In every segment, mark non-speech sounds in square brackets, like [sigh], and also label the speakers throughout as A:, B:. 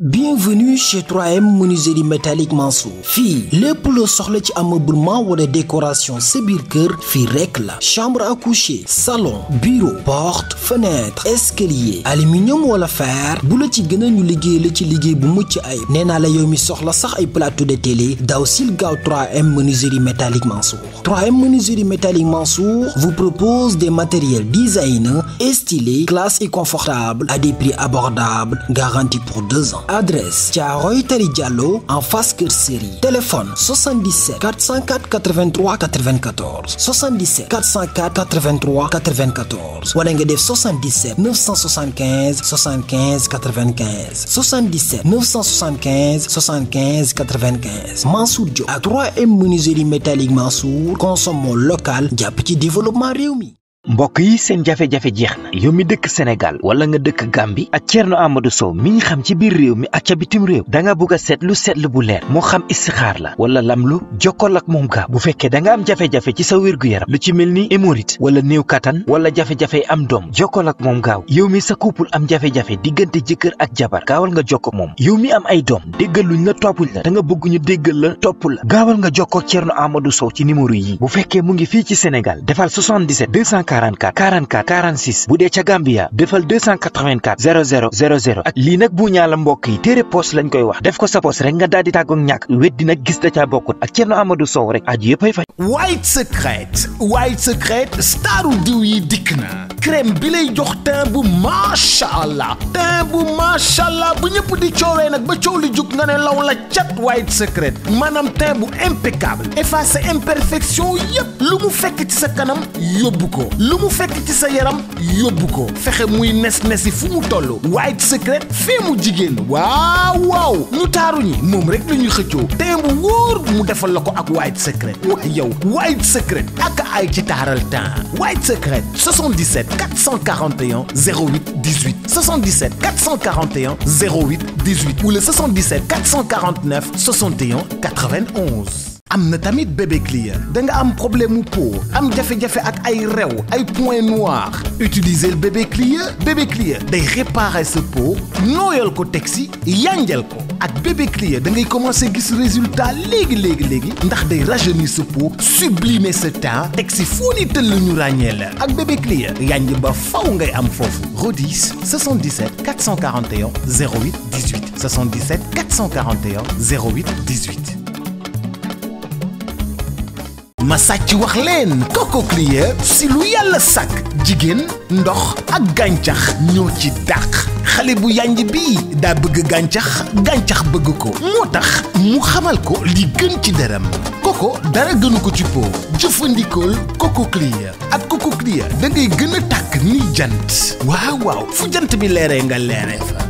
A: bienvenue chez 3M menuiserie métallique Mansour Fi, lepp lo soxla ci ameublement wala décoration sa bir kër fi rek la chambre à coucher salon bureau porte fenêtre escalier aluminium wala fer bu la ci gëna ñu liggéey la ci liggéey bu mucc ay nee la yow mi soxla sax ay plateau de télé daw sil gaaw 3M menuiserie métallique Mansour 3M menuiserie métallique Mansour vous propose des matériels design et stylés classe et confortables à des prix abordables garantis pour 2 ans adresse Roy Tali Diallo en face série. téléphone 77 404 83 94 77 404 83 94 Walengedev 77 975 75 95 77 975 75 95 Mansour Diop à 3M menuiserie métallique Mansour consommons local diapti développement Réumi. mbokk yi seen jafe-jafe jeex na yow mi dëkk Sénégal wala nga dëkk gambi ak Thierno Amadou Sow mi ñu xam ci biir réew mi ak ca bitim réew da nga bugg a seetlu seetlu bu leer moo xam istixaar la wala lamlu jokkool ak moom gaaw bu fekkee da nga am jafe-jafe ci sa wér-gu-yaram lu ci mel ni hémorroïde wala néew kattan wala jafe-jafe am doom jokkool ak moom gaaw yow mi sa couple am jafe-jafe diggante jëkkër ak jabar gaawal nga jokkoo moom yow mi am ay doom déggal luñ la toppuñ da nga bëgg ñu la topp gaawal nga jokkoo Thierno Amadou Sow ci numéro yi bu fekkee mu ngi fii ci Sénégal defal 244 44 46 bu dee ca Gambia defal 284 00 00 ak lii nag bu ñaala mbokk yi téere poos lañ koy wax def ko sa poos rek nga daal di tàggoog ñàkk weddi nag gis da caa bokkut ak Cerno Amadou Sow rek aji yëpp ay fay. White Secret
B: White Secret staru diw yi dikk na crème bi lay jox teint bu macha allah teint bu macha allah bu ñëpp di coowee nag ba coow li jug nga ne law la cat White Secret maanaam teint bu impeccable effacer imperfection yëpp lu mu fekk ci sa kanam yóbbu ko. lu mu fekk ci sa yaram yóbbu ko fexe muy nes nesi fu mu white secret fee mu jigéen waaw waaw ñu taaru ñi moom rek la ñuy xëccoo bu mu ak white secret waaye yow white secret ak ay ci taaral temps white secret 77 441 08 18 77 441 08 18 ou le 77 449 61 91 amna tamit bébé Clear da nga am problème mu peau am jafé jafé ak ay rew ay point noir utiliser bébé Clear bébé Clear day réparer ce peau noyel ko taxi si ko ak bébé Clear da ngay commencer gis résultat léegi léegi léegi ndax day rajeunir ce peau sublimer ce teint teg si foo ni ñu ragnel ak bébé client yanj ba faw ngay am fofu rodis 77 441 08 18 77 441 08 18 ma sàcc wax leen coco clear si lu yàlla sàkk jigéen ndox ak gàncax ñoo ci dàq xale bu yànj bi daa bëgg gàncax gàncax bëgg ko moo tax mu xamal ko li gën ci deram coco dara gënu ko ci po jëfandikool coco clear ak coco clear da ngay gën a tàkk ni jant waaw waaw fu jant bi leeree nga leere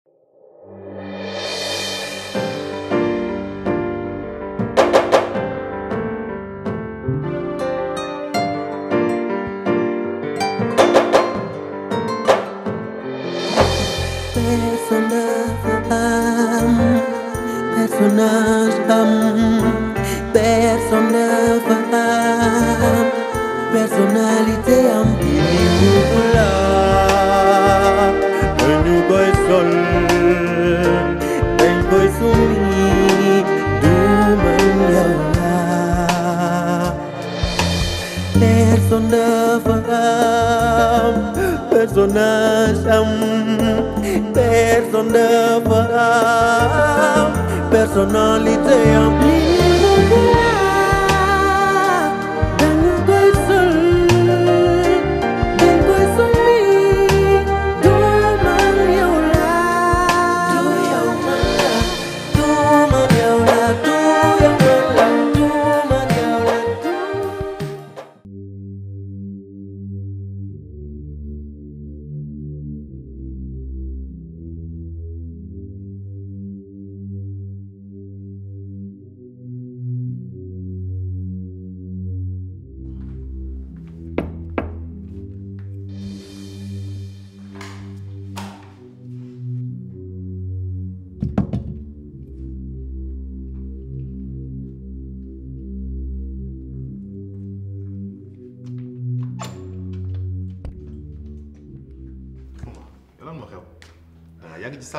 C: personas am Personne de personalité ampliée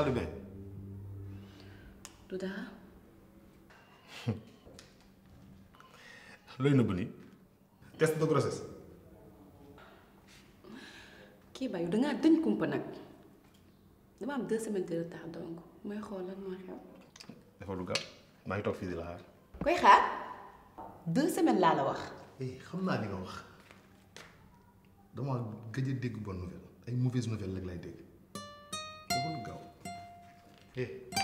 A: taalibe du dara looy nëbb nii test de grossesse
D: kii bayu dangaa dëñ kumpa nag dama am deux semaines de retard donc mooy xool lan moo xew
A: dafa lu
B: maa ngi toog fii di la xaar
D: koy xaar deux semaines laa la wax
B: xam naa li wax dama gëj a dégg bonne nouvelle ay mauvaise nouvelle rek lay dégg 对。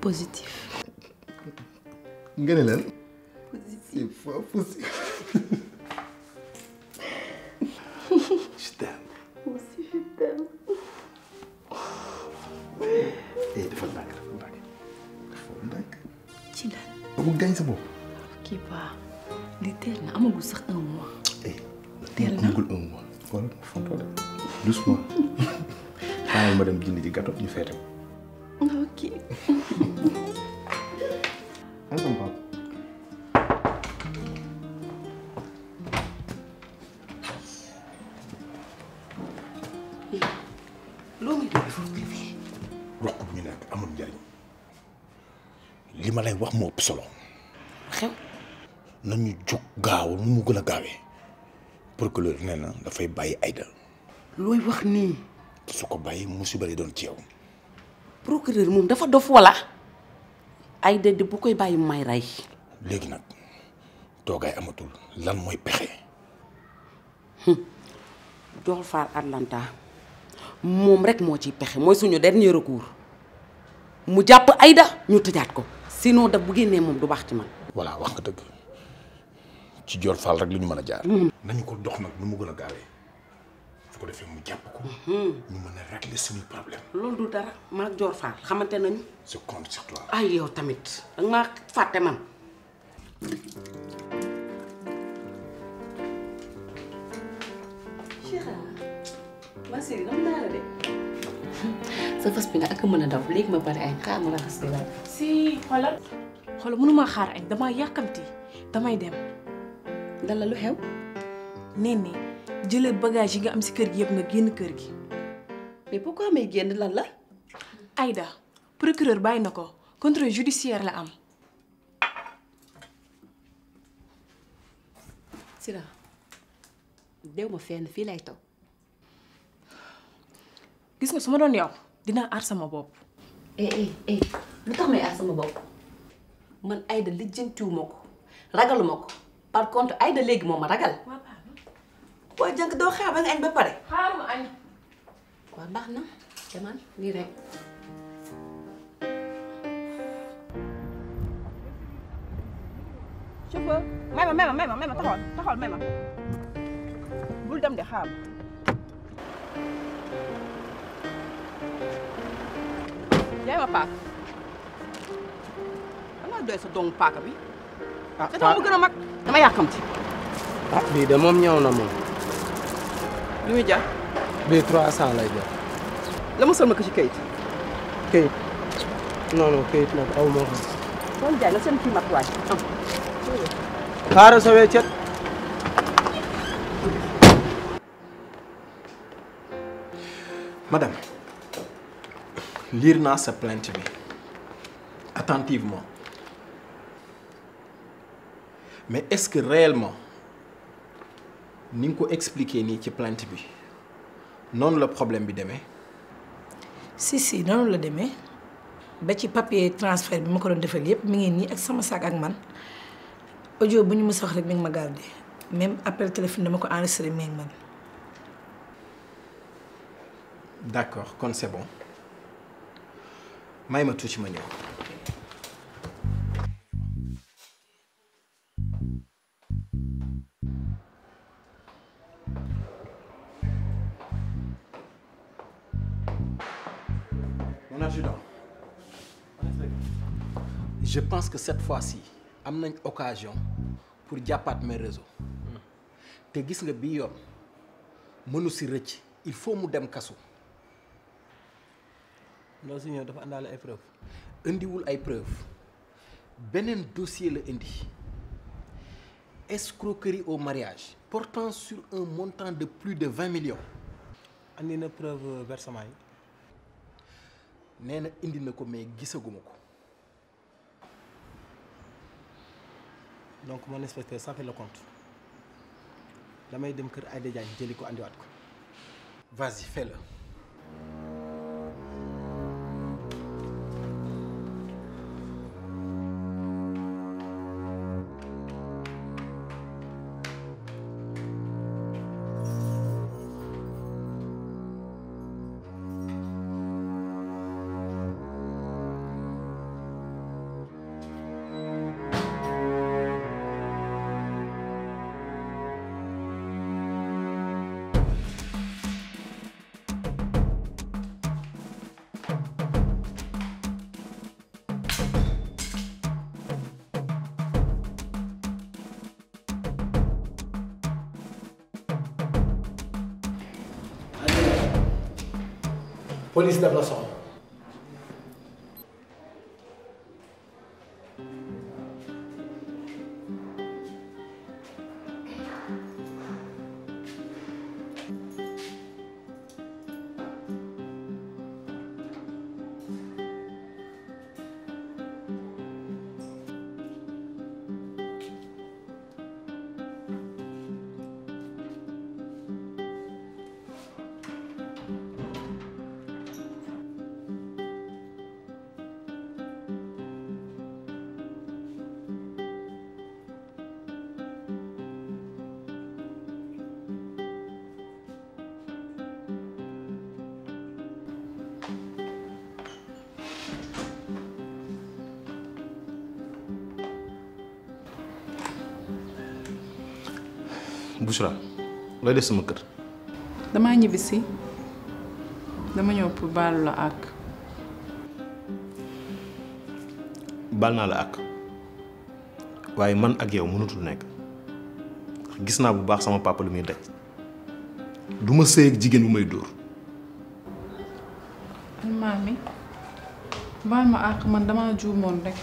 B: positif. Positif. C'est positif
A: wax mo ëpp solo. xew. nañu jóg gaaw nu mu gën a procureur nee na fay bayyi bayi,
D: loy wax ni
A: su ko bàyyi musiba lay doon ci yow.
D: procureur moom dafa dof wala. ayda di bu koy bayyi may ray
A: légui nak togay amatul lan moy pexé
D: Jool Faal Atlanta mom rek mo ci pexé moy suñu dernier recours mu japp ayda ñu tejaat ko. sinon daf bu génnee moom du baax ci man.
A: voilà wax nga dëgg ci Dior Fall rek la ñu mën a jaar. Mm-hmm. nañu ko dox nag nu mu gën a gaawee su ko defee mu jàpp ko. Mm-hmm. ñu mën a régler suñu problème.
D: loolu du dara ma ak Dior Fall xamante nañu. je compte sur toi. ay yow tamit da nga fàtte man. sa fas bi nag ak mën a daw léegi ma pare añ xaar ma raxas di la si xoolal xoolal mah xaar añ eh, damaa ya yàkkamti damay dem lalu lu xew nen ne jëlal bagage yi nga am si kër gi yëpp nga génn kër gi mais pourquoi may génn lan la Aïda procureur bàyyi na ko judiciaire la am sira Dia mau fenn fii lay gis nga su ma doon yow dinaa aar sama bopp. Eh, eh eh lu tax may aar sama bopp man Aïda lijjantiwuma ko ragaluma ko par contre Aïda léegi moom ma ragal. waaw jànk doo xaar nga añ ba pare. xaaral ma na demal lii rek. chauffeur may ma may ma may ma may ma may ma bul dem de xaar. Jij maar pak. Ana doy sa dong pak bi. Ah, tahu bukan mu gëna ya dama yakamti.
A: Ah, bi de mom ñew na mom. Lu muy jaar? Bi
C: 300 lay jaar.
D: La sama ko ci kayit.
C: Kayit. Non non, kayit nak aw mo ko.
D: Kon jaay oh. la sen ki mak waaj.
C: Xaara sa wéccet.
A: Madame, Lire nous sa plainte attentivement mais est-ce que réellement ni ko expliquer non ci plainte bi Non le problème bi
D: si si non le démé ba ci papier transfert bi mako defal yépp mi ngi ak sama sac ak man audio buñu rek même appel téléphone
A: d'accord c'est bon may ma tuuti ma ñëw. mon adjudant je pense que cette fois-ci am nañ occasion pour diapat mes réseaux hmm. te gis nga bi yom mënu si il faut mu dem kasso non si ñëw dafa une ay preuve indiwul ay preuves. dossier le indi escroquerie au mariage portant sur un montant de plus de 20 millions a une preuve versement Il nee na indi na ko mais gisaguma donc mon inspecteur ça fait le compte damay dem kër Aïda Diagne jëli ko vas-y fais-le Polícia da Nossa Bouchra looy def sama kër.
D: damaa ñibbisi dama ñëw pour la àq.
A: baal naa la àq waaye man ak yow mënutul nekk gis naa bu baax sama papa lu muy daj du ma sëy ak jigéen bu may dóor.
D: almaami baal ma àq man damaa juumoon rek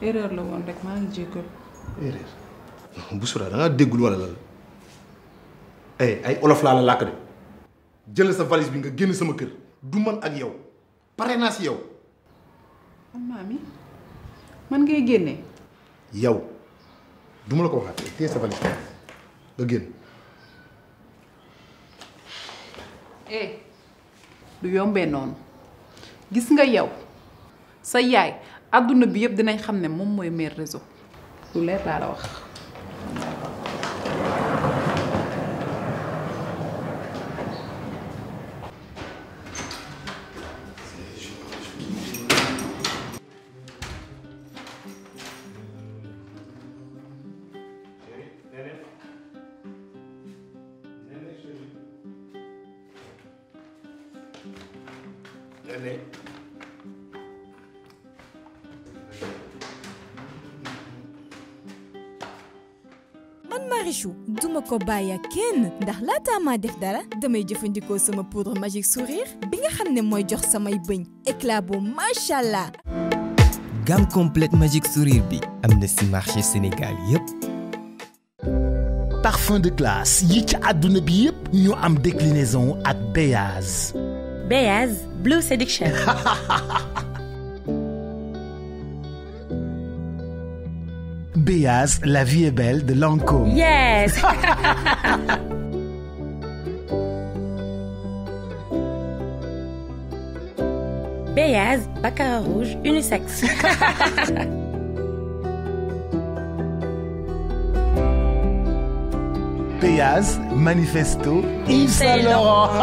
D: erreur la woon rek maa ngi jéggal.
B: erreur Bouchra da ngaa déggul wala lan. ay eh, ay olof laa la làkk de jël sa valise bi nga génn sama kër du man ak yow pare naa si yow.
D: Oh, maami man ngay génne.
B: yow duma la ko waxaat téye sa valise
C: nga génn. eh
D: du yombee noonu gis nga yow sa yaay àdduna bi yëpp dinañ xam ne moom mooy mère réseau lu leer laa la wax. Marichou duma ko bàyyi kenn ndax laataa maa def dara damay jëfëndiko sama poudre magique sourire bi nga xam moy mooy jox samay bëñ éclat bu machallah
A: gamme complète magique sourire bi amna ci marché Sénégal yépp
B: parfum de classe yi ci àdduna bi yépp ñu am déclinaison ak Beyaz.
D: Beyaz Blue Seduction. [laughs]
B: Béaz, La vie est belle de Lancôme.
D: Yes! [laughs] Béaz, baccarat rouge, unisexe.
B: Béaz, Manifesto, Yves Saint Laurent. [laughs]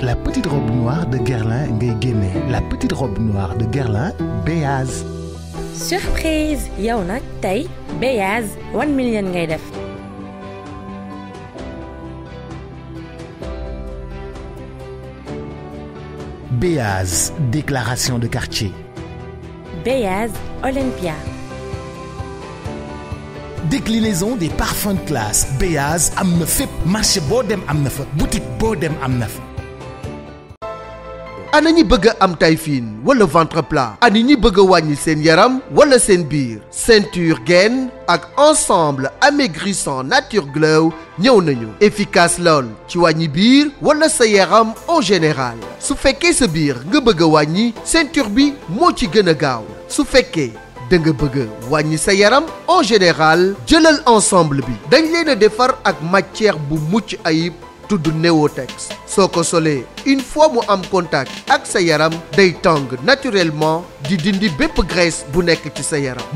B: la petite robe noire de Gerlin ngay la petite robe noire de Gerlin Beyaz.
D: surprise yow Tay, tey 1 million ngay def.
B: déclaration de quartier.
D: Beyaz Olympia
B: déclinaison des parfums de classe Béaz am Marche
C: Bodem, marché boutique Bodem, Amnef. am ventre plat anini ñi bëgg wàññi yaram wala seen biir ceinture gaine ak ensemble amaigrissant nature glow ñëw nañu efficace lool ci wàññi biir wala sa yaram en général su fekkee sa biir nga bëgg ceinture bi ci da nga bëgg en général jëlal ensemble bi dañ defar ak matière bu mucc ayib tudd soo ko une fois mu am contact ak sa yaram day tàng naturellement di dindi bépp graisse bu nekk ci sa yaram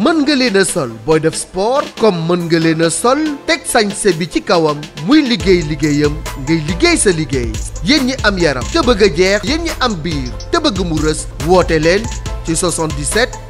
C: sol def sport comme mën nga sol teg sañse bi ci kawam muy liggéey liggéeyam ngay liggéey sa liggéey yéen ñi am yaram te bëgg a jeex ñi am biir 77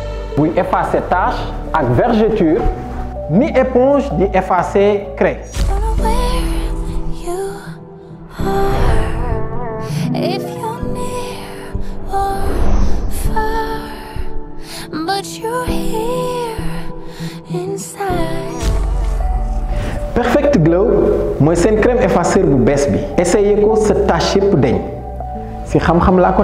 A: pour effacer tache avec vergeture ni éponge pour effacer craie. Perfect Glow c'est une crème effaceur bu best. essayez Essayez ko tâche pour yëpp deñ ci xam-xam la ko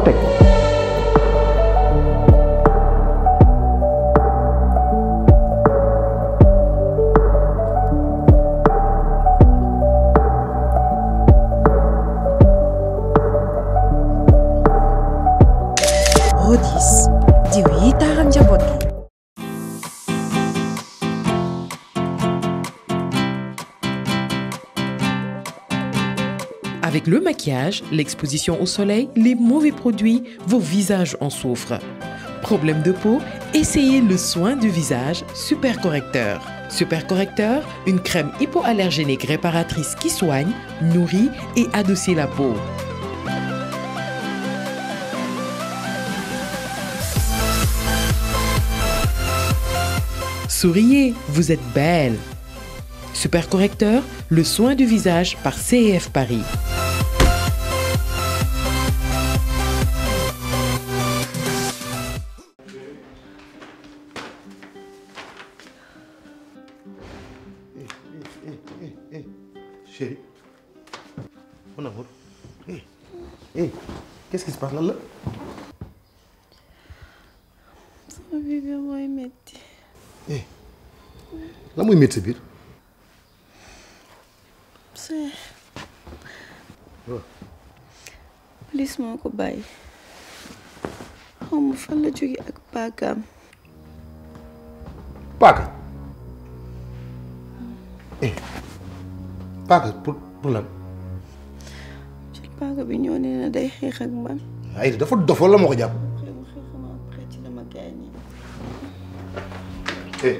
D: Le maquillage, l'exposition au soleil, les mauvais produits, vos visages en souffrent. Problème de peau Essayez le soin du visage Super Correcteur. une crème hypoallergénique réparatrice qui soigne, nourrit et adoucit la peau. Souriez, vous êtes belle. Supercorrecteur, le soin du visage par CEF Paris. C'est. métti oui biir. Seex. police moo ko bàyyi. xaw ma la jóge ak pagam
C: paaka. eh Paga. pour pour
B: lan.
D: ci paga bi ñoo nee na day xeex ak man.
B: ay dafa dof la moko japp jàpp. xeex
D: ma après ci la ma eh.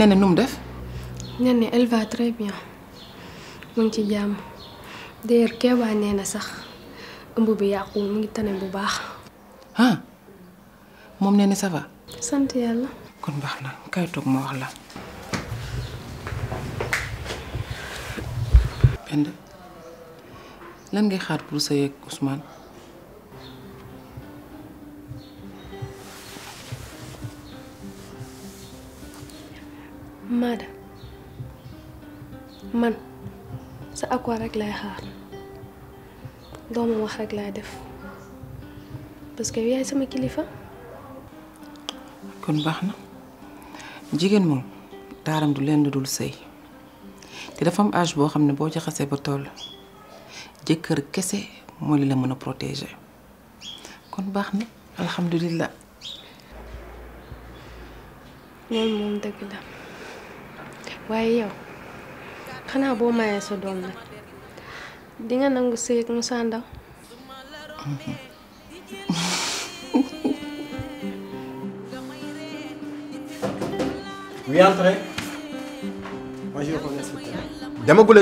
D: nene nu mu def. nene elle va très bien mu ci jàmm d'ailleurs Kéba nee na sax ëmb bi yàqu mu ngi tane bu baax. ah moom nee na ça va. sant yàlla. kon baax na kay toog ma wax la. benn lan ngay xaar pour sëy ak Ousmane. Maada man sa accord rek lay xaar doo wax rek laay def parce que yaay sama kilifa. kon baax na jigéen moom taaram du leen dul sëy te dafa am âge boo xam ne boo jaxasee xasee ba toll jëkkër kese mooy li la mën a protéger kon baax na alhamdulilah. loolu moom dëgg la. waaye yow xanaa boo mayee sa doom nag di nga nangu sëy ak Moussa Ndaw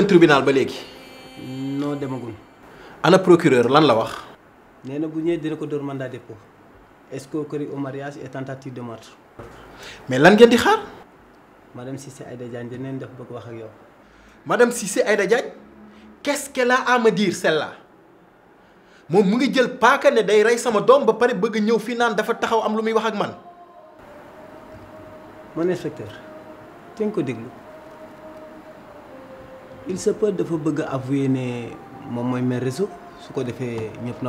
A: tribunal ba léegi. noo demagul. ana procureur lan la wax. nee na bu ñëwee dina ko door mandat de dépôt escroquerie au mariage et tentative de meurtre. mais lan ngeen di xaar. Madame Cissé Aïda Diagne dinañ def bëgg wax ak yow. Madame Cissé Aïda Diagne qu'est-ce qu'elle a à me dire celle-là moom mu ngi jël paaka day rey sama dom ba pare bëgg ñëw fii naan dafa taxaw am lu muy wax ak man. mon inspecteur te ko déglu il se peut dafa bëgg a avouer ne moom mooy maire réseau su ko defee ñëpp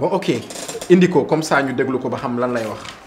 A: bon ok indi ko comme ça ñu déglu ko ba xam lan lay wax.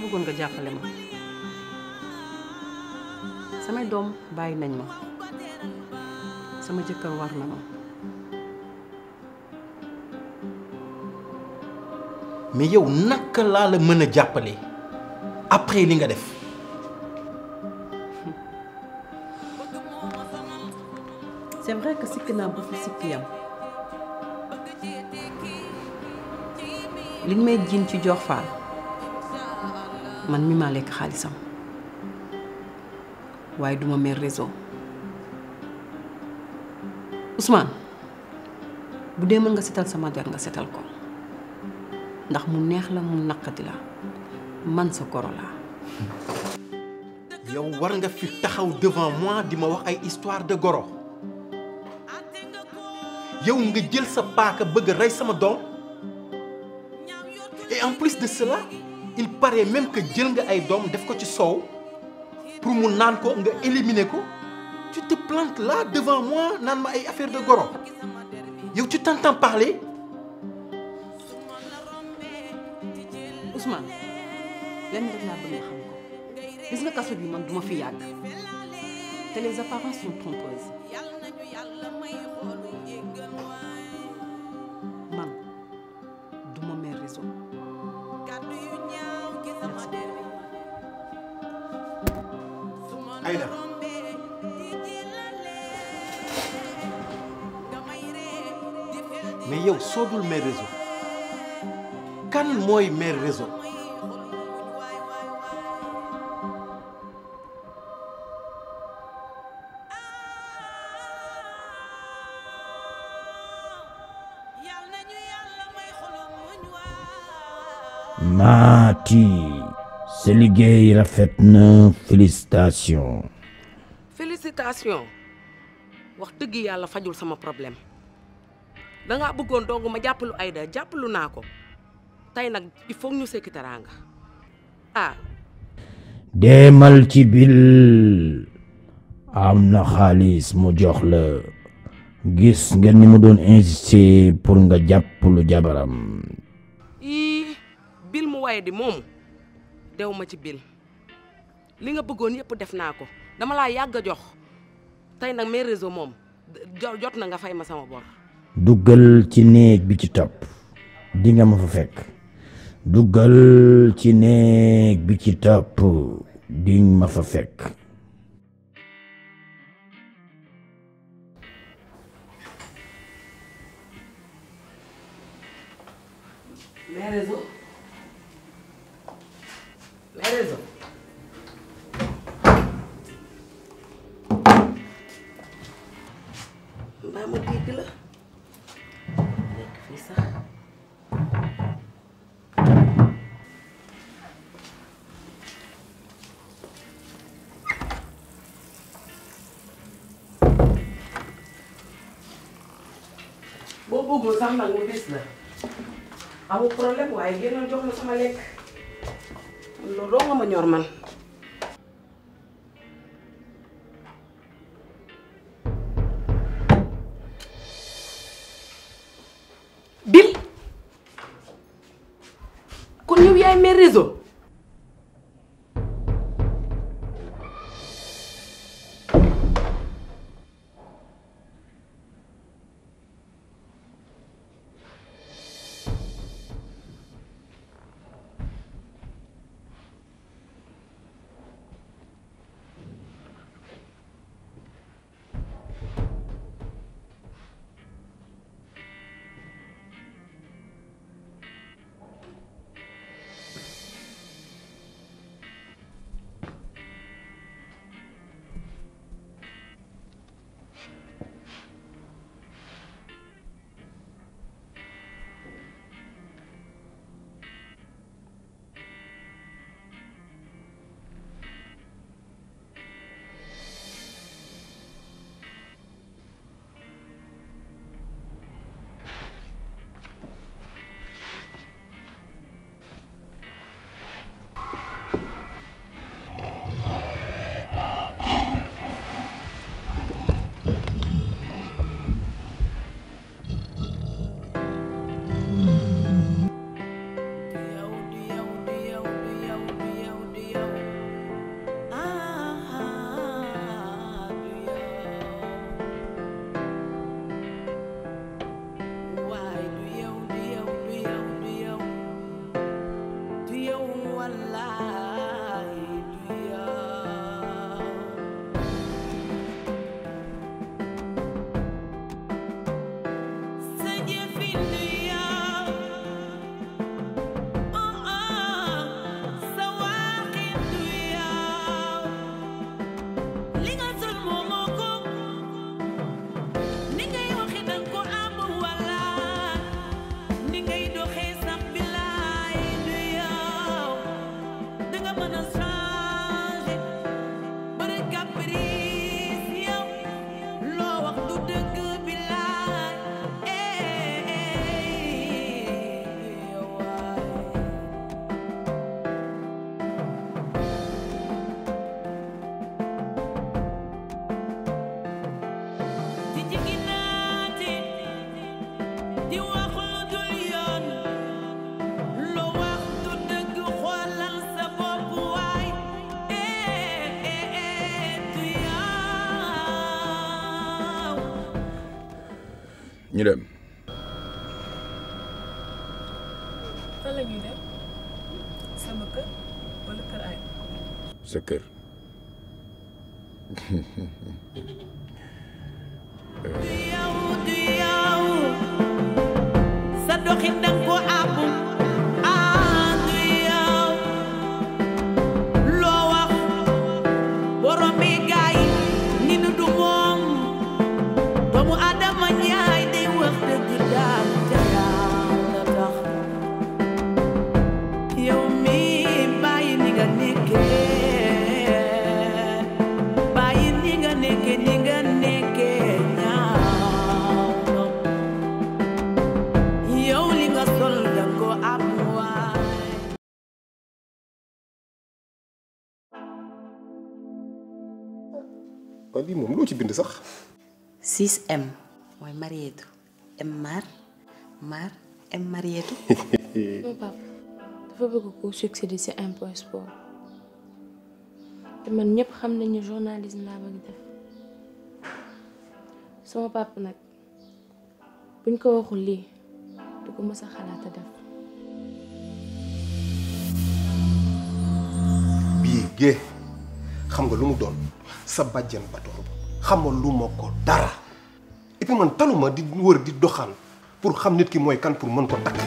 D: bëggoon nga jàppale ma samay doom bàyyi nañ ma sama jëkkër war na ma
A: mais yow naka laa la mën a jàppale après li nga def
D: [laughs] c'est vrai que sikk naa ba fi sikk yam liñ may jiin ci jox faal man mi ma lek khalisam waye duma mer réseau Ousmane bu dee nga sétal sama der nga sétal ko ndax mu neex la mu nakati la
A: man sa goro yow war nga fi taxaw devant moi di ma wax ay histoire de goro yow nga jël sa paaka bëgg a sama dom? et en plus de cela il paraît même que jël nga ay dom def ko ci sow pour mu naan ko nga éliminer ko tu te plantes là devant moi naan ma ay affaire de goro yow tu t'entends parler
D: Ousmane lenn rek na bëgg nga xam ko gis nga kasso bi man duma fi yag te les apparences sont trompeuses
A: yow soo mère réseau kan moy mère réseau maati sa liggéey rafet na félicitation
D: félicitation wax dëgg yàlla fajul sama problème da nga bëggoon dong ma jappalu Aida jappalu nako tay nak il faut ñu sekki teraanga ah.
A: demal ci bil amna na mu jox la gis ngeen ni mu doon insister pour nga jappalu jabaram.
D: I, bil mu waye di mom dew ma ci bil li nga bëggoon yépp def nako dama la yàgg jox tay nak mes réseaux mom jot na nga fay ma sama bor.
A: duggal ci néeg bi ci topp di ma fa fekk duggal ci néeg bi ci topp di ma fa fekk
D: ko sax nag mu bis la amul problème waaye génnoon jox la sama lekk nga ma ñor bil kon yow yaay mes réseau
A: Sequer. bi loo ci bind sax. 6M
D: mooy Marietou M Mar Mar M Marietou.
A: sama
D: [laughs] papa dafa bëgg ko succéder ci impôt sport te man ñëpp xam nañu journalisme laa bëgg def sama papa nag buñ ko waxul lii du ko mës a xalaat a def.
A: bii gée xam nga lu mu doon. sa bàjjen batoor xamal lu moko dara et puis man taluma di wër di doxal pour xam nit ki moy kan pour mën ko takk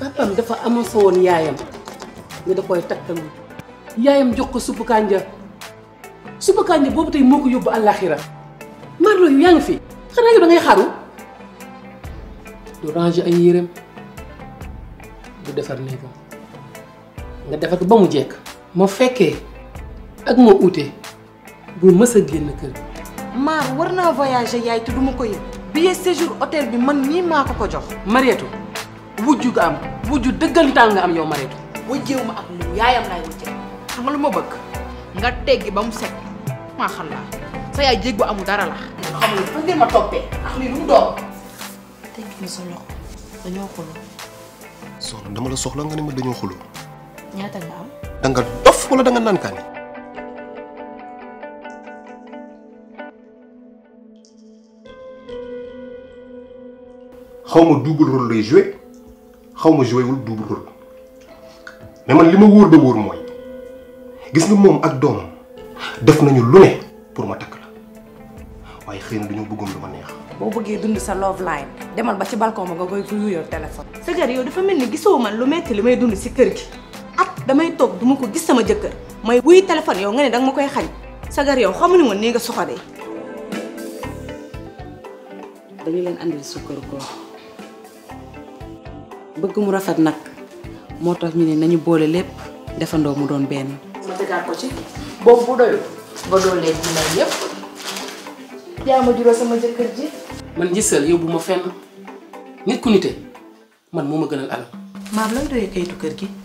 D: papam dafa annoncé won yaayam ni da koy takkal yaayam jox ko suppu kanja suppu kanja bobu tay moko yobbu alakhirah Marlo yu yang fi xana yu da ngay xaru
A: do ranger ay yirem du defar nga defar ko ba mu jekk
D: ma fekkee ak ma uute bu mësa génn kër maar war naa voyager yaay te du ma ko yëg billet séjour hôtel bi man nii maa ko ko jox Marietu wujju nga am wujju dëggantaan nga am yow Marietu wajjeewu ma ak lu yaayam laay wajje xam ma bëgg nga teggi ba mu set maa xam laa sa yaay jéeg bu amul dara la xam nga fa ngeen ma toppee ak lii lu mu
A: soxla dama la soxla nga ne ma dañoo xuloo
D: ñaata nga
A: nga dof wala da nga naan kaani. xaw ma double rôle lay joué xaw ma wul double rôle mais man li ma wóor ba wóor mooy gis nga moom ak doomam def nañu lu ne pour ma takk la waaye xëy na dañoo bëggoon lu ma neex.
D: boo bëggee dund sa love line demal ba ci balcon ba nga koy yuyoo téléphone. sa kër yow dafa mel ni gisoo man lu metti li may dund si kër gi. at damay tok duma ko gis sama jëkkër may wuy téléphone yow nga ne danga ma koy xañ sagar yow xamnu woon ni nga soxoree dañu len andil sukkar ko bëgg mu rafet nak mo tax ñu ne nañu boole lepp defando mu doon ben ma tegaat ko ci boobu bu doy ba doolee ci lay yépp yaa ma sama jëkkër ji
A: man gisal yow buma fenn nit ku nité man moma ma gënal alal mam lan doyee kayitu kër gi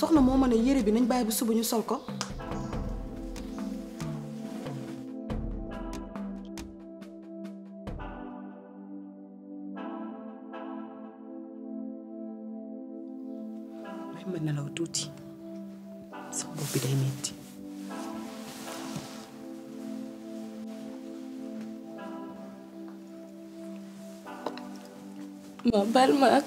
D: soxna moo ma ne yére bi nañ baye bu suba ñu sol ko may ma nelaw tuuti sama bopp
C: day
B: metti
D: ma bal ma ak